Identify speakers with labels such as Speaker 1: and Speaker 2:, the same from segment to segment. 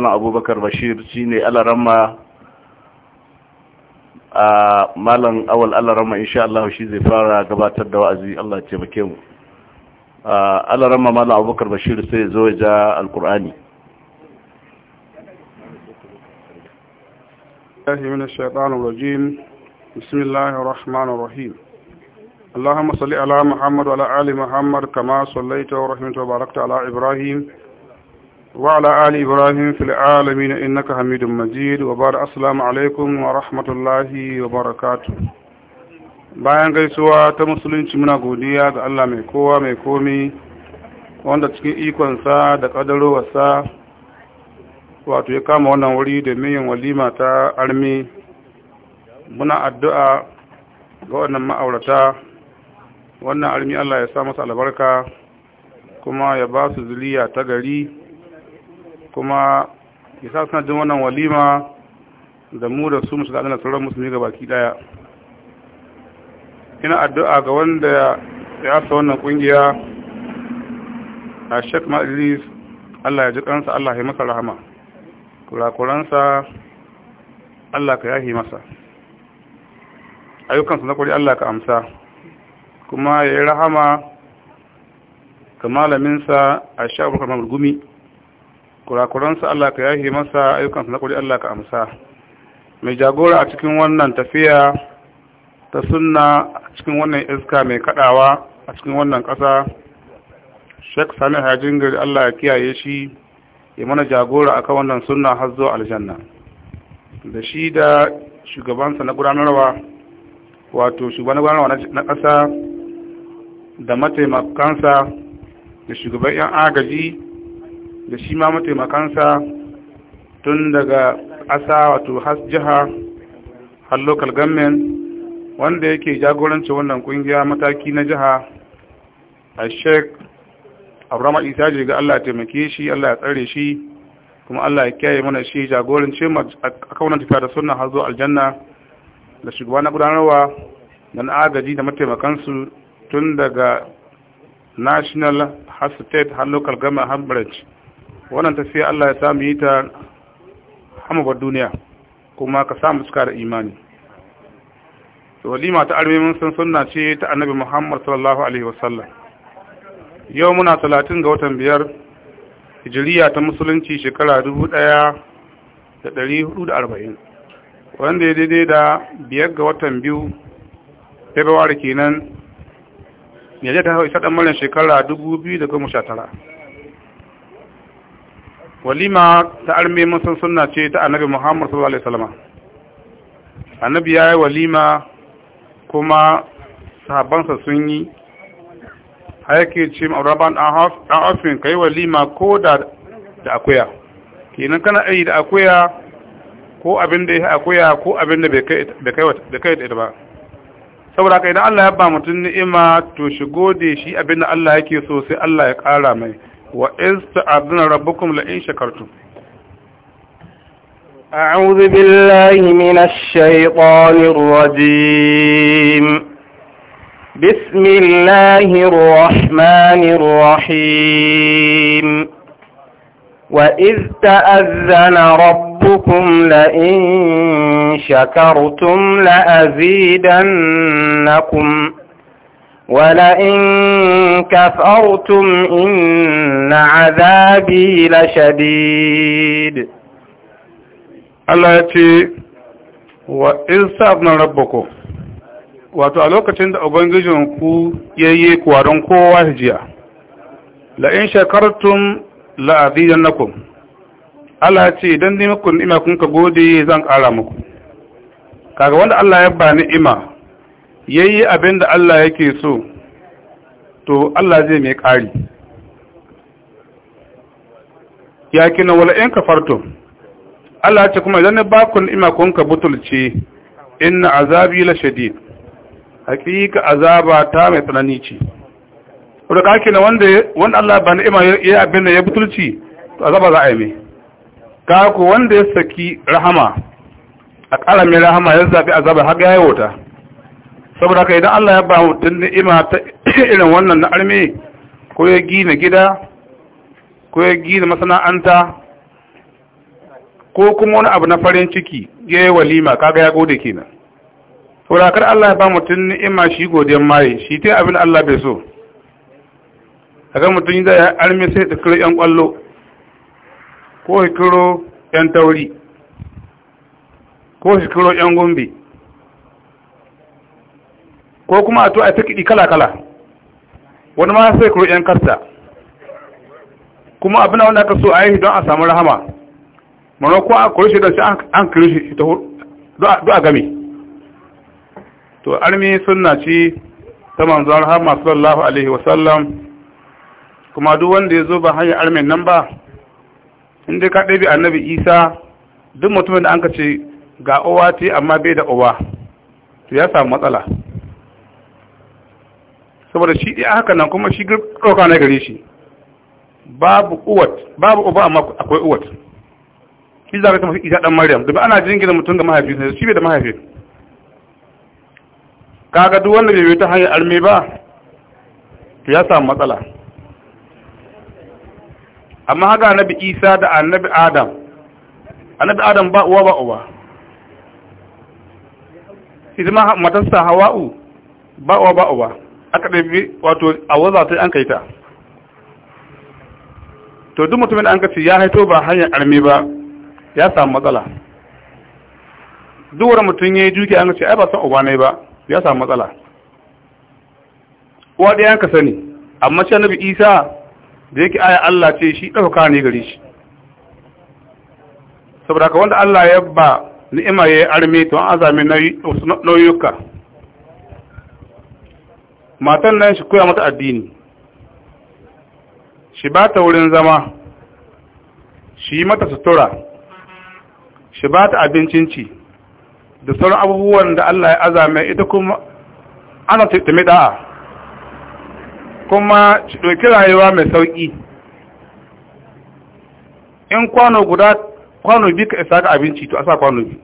Speaker 1: Malam Abubakar Bashir shine Alaramma a Malam Awal Alarama insha Allah shi zai fara gabatar da wa'azi Allah ce taimake mu. Alarama Malam Abubakar Bashir sai zo ja Alkur'ani. الله من الشيطان الرجيم بسم الله الرحمن الرحيم اللهم صل على محمد وعلى آل محمد كما صليت ورحمت وباركت على إبراهيم وعلى آل إبراهيم في العالمين إنك حميد مجيد وبار السلام عليكم ورحمة الله وبركاته bayan gaisuwa ta musulunci muna godiya ga Allah mai kowa mai komi wanda cikin ikonsa da ƙadarowarsa wato ya kama wannan wuri da yin walima ta armi muna addu'a ga wannan ma'aurata wannan armi Allah ya sa masa albarka kuma ya ba su ziliya ta gari kuma ya sa suna jin wannan walima da mu da su musu da sauran musulmi ga baki daya ina addu'a ga wanda ya asa wannan kungiya a shek ma'aziz Allah ya ji kansa Allah ya masa rahama kurakuransa Allah ka yahi masa ayyukansa na kuri Allah ka amsa kuma ya yi rahama ga malaminsa a sha'abar kamar gumi kurakuransa Allah ka yahi masa ayyukansa na kuri Allah ka amsa mai jagora a cikin wannan tafiya ta sunna a cikin wannan iska mai kadawa a cikin wannan ƙasa Sheikh Sani hajjin gari Allah ya kiyaye shi ya mana jagora akan wannan sunna har zuwa aljanna da shi da shugabansa na gudanarwa wato shugaban gudanarwa na ƙasa da mataimakansa da shugaban 'yan agaji da shi ma mataimakansa tun daga asa wato has jiha har local government wanda yake jagoranci wannan kungiya mataki na jiha a sheik abrama isa je ga allah taimake shi allah ya tsare shi kuma allah ya kyaye mana shi jagorance a kaunar tafiya da suna hazo aljanna da shugaba na gudanarwa da na agaji da mataimakansu tun daga national har state har local government har wannan tafiya Allah ya samu yi ta hamabar duniya kuma ka samu suka da imani walima ta arme mun san sunna ce ta annabi Muhammad sallallahu alaihi wasallam yau muna 30 ga watan biyar hijiriya ta musulunci shekara 1440 wanda ya daidai da biyar ga watan biyu february kenan ya ta hau isa dan mallan shekara 2019 walima ta arme mun san sunna ce ta annabi Muhammad sallallahu alaihi wasallam annabi yayi walima kuma sahabbansa sun yi hayake ce raban an hafin kai walima ko da da akuya kenan kana ayi da akuya ko abin da ya akuya ko abin da bai kai da kai da ba saboda haka idan Allah ya ba mutum ni'ima to shigo da shi abin da Allah yake so sai Allah ya kara mai وإذ تأذن ربكم لئن شكرتم أعوذ بالله من الشيطان الرجيم بسم الله الرحمن الرحيم وإذ تأذن ربكم لئن شكرتم لأزيدنكم ولئن كفرتم إن عذابي لشديد التي وإذ سابنا ربكم wato a lokacin da ubangijinku ya yi kwaron kowa hijiya la'in shekartun la'adiyan nakon Allah ce don nimakon ni'ima kun ka gode zan ƙara muku kaga wanda Allah ya ba ni'ima ya yi abin da Allah yake so to Allah zai mai ƙari ya kina wala in kafarto Allah ce kuma idan ba ku ni'ima kun ka butulce inna azabi la shadid hakika azaba ta mai tsanani ce Da ruka na wanda wanda Allah ba ni'ima ya abin da ya butulci to azaba za a yi mai ka ku wanda ya saki rahama a ƙara mai rahama ya zabi azaba har ya yi wuta saboda ka idan Allah ya ba mutum ni'ima ta irin wannan na arme ko ya gina gida ko ya gina masana'anta ko kuma wani abu na farin ciki ya yi walima kaga ya gode kenan saboda kar Allah ya ba mutum ni'ima shi godiyan maye shi ta abin Allah bai so kaga mutum da ya arme sai ta kiro yan kwallo ko ya kiro yan tauri ko ya kiro yan gombe ko kuma a to a ta kiɗi kala-kala wani ma sai kuro 'yan kasta kuma abin da wanda aka so a yi don a samu rahama mana ko a kuro shi don shi an kiro shi ta do a game to armi suna ci ta manzon rahama sallallahu alaihi wasallam kuma duk wanda ya zo ba hanyar armin nan ba inda ka ɗabi annabi isa duk mutumin da an ka ce ga owa ce amma bai da owa to ya samu matsala saboda shi a haka nan kuma shi ɗauka na gare shi babu uwat babu uba amma akwai uwat shi za ka ta mafi isa ɗan maryam domin ana gina mutum ga mahaifi sai shi bai da mahaifi kaga duk wanda bai ta hanyar alme ba to ya samu matsala amma haka annabi isa da annabi adam annabi adam ba uwa ba uba ita ma matarsa hawa'u ba uwa ba uba aka ɗabi wato a waza ta an kaita ta to duk mutumin da an kaci ya haito ba hanyar armi ba ya samu matsala duk wani mutum ya yi juki an kaci ai ba san uba ne ba ya samu matsala uwa ɗaya an ka sani amma shi annabi isa da yake aya allah ce shi ɗaukaka ne gare shi saboda ka wanda allah ya ba ni'ima ya yi armi to an azami nauyuka matan nan shi koya mata addini shi ba ta wurin zama shi yi mata sutura shi ba ta abincin ci da sauran abubuwan da Allah ya azame ita kuma ana tattame da'a kuma shi ɗauki rayuwa mai sauƙi in kwano guda kwano biyu ka isa ga abinci to a sa kwano biyu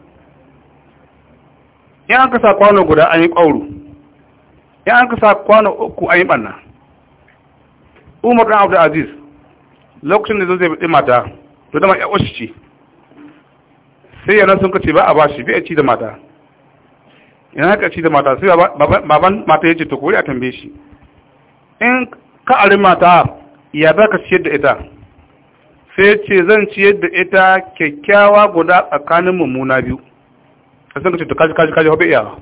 Speaker 1: in an sa kwano guda an yi kwauru. ya an kasa sa kwano uku a yi ɓanna umar ɗan abu da aziz lokacin da zai ɗin mata to dama ya ƙwashi ce sai yana sun kace ba a bashi biya ci da mata yana ka ci da mata sai baban mata ya ce to kuri a tambaye shi in ka arin mata ya za ka ciyar da ita sai ce zan ciyar da ita kyakkyawa guda tsakanin mummuna biyu sai sun kace to kaji kaji kaji hobe iyawa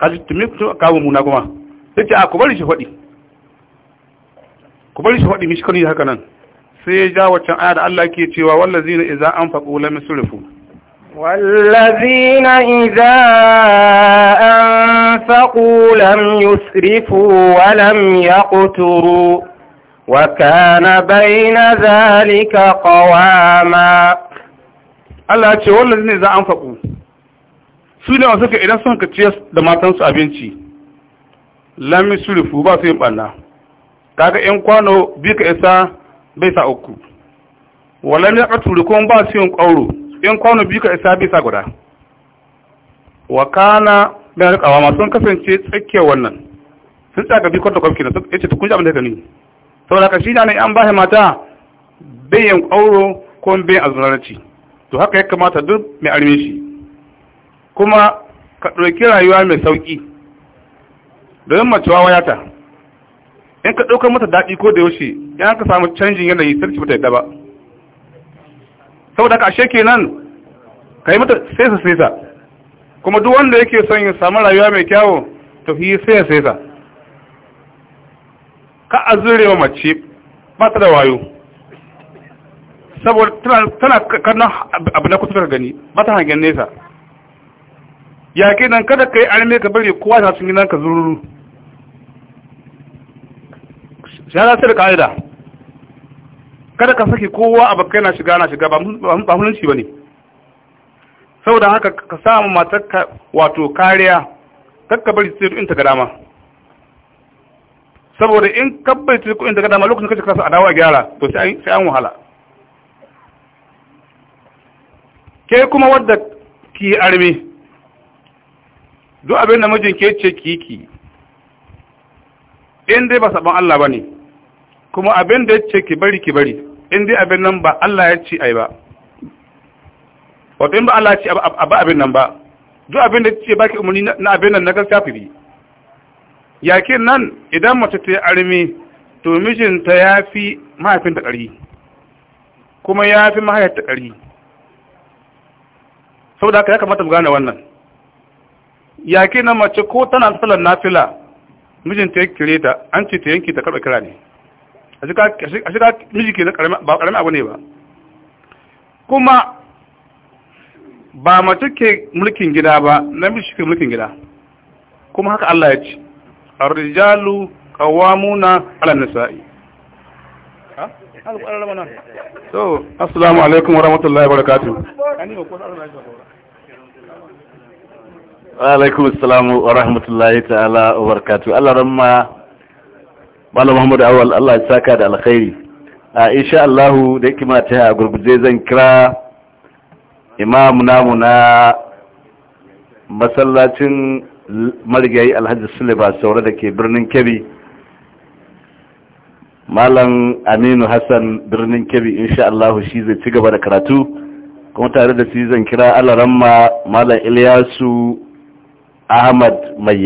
Speaker 1: kaji tumi kawo mummuna kuma sai ce a kubar shi faɗi kubar shi faɗi mishkari haka nan sai ya ja waccan aya da Allah ke cewa iza an faɗo lam yusrifu والذين إذا أنفقوا ya يسرفوا ولم يقتروا na بين zalika قواما Allah ce wannan ne za an faɗo su ne wasu idan sun ka ciyar da matansu abinci lamin sulufu ba su yin ɓanna kaga in kwano bi ka isa bai sa uku walam ya katuru kuma ba su yin ƙauro in kwano bi ka isa bai sa guda wa kana da rikawa masu sun kasance tsakiyar wannan sun tsaka bi kwanta kwamfi na ya ta tukun jami da gani saboda ka shi ne an ba mata bayan ƙauro ko bayan azurarci to haka ya kamata duk mai arme shi kuma ka ɗauki rayuwa mai sauƙi domin wawa wayata in ka ɗaukar mata daɗi ko da yaushe ya ka samu canjin yanayi sarki bata yadda ba saboda ka ashe kenan ka yi mata sesa sesa kuma duk wanda yake son ya samu rayuwa mai kyawo to yi sesa sesa ka a wa mace ba ta da wayo saboda tana karnan abu na kusa gani ba ta hangen nesa ya ke nan kada ka yi arme ka bari kowa ta sun nan ka zururu shahada sai da ka'ida kada ka saki kowa a bakai na shiga na shiga ba hulunci ba ne saboda haka ka samu matar wato kariya kakka bari sai in ta ga dama saboda in kabbai ta in ta ga dama lokacin kace kasa adawa gyara to sai an wahala ke kuma wadda ki arme duk abin da mijin ke ce ki ki in dai ba saban Allah ba ne. kuma abin da ya ce ki bari ki bari in dai abin nan ba Allah ya ci ai ba wato in ba Allah ya ci ba abin nan ba duk abin da ce baki umarni na abin nan na gaskiya fi bi yakin nan idan mace ta yi armi to mijinta ya fi mahaifinta ƙari kuma ya fi mahaifinta ƙari saboda haka ya kamata mu gane wannan yakin nan mace ko tana tsalar nafila mijinta ya kire ta an ce ta yanki ta karɓa kira ne a shiga miji ke ba ƙarami abu ne ba kuma ba mace ke mulkin gida ba namiji shi ke mulkin gida kuma haka Allah ya ce a rijalu qawwamuna 'ala an-nisa'i so assalamu alaikum wa rahmatullahi wa barakatuh wa alaikum assalam wa rahmatullahi ta'ala wa barakatuh Allah ramma malam muhammadu awal allah ya saka da alkhairi a insha allahu da kima ta a gurguje zan kira imam namu na masallacin marigayi alhaji suleba saura da ke birnin kebbi malam aminu hassan birnin kebbi insha Allah shi zai ci gaba da karatu kuma tare da shi zan kira Ramma malam ilyasu ahmad mai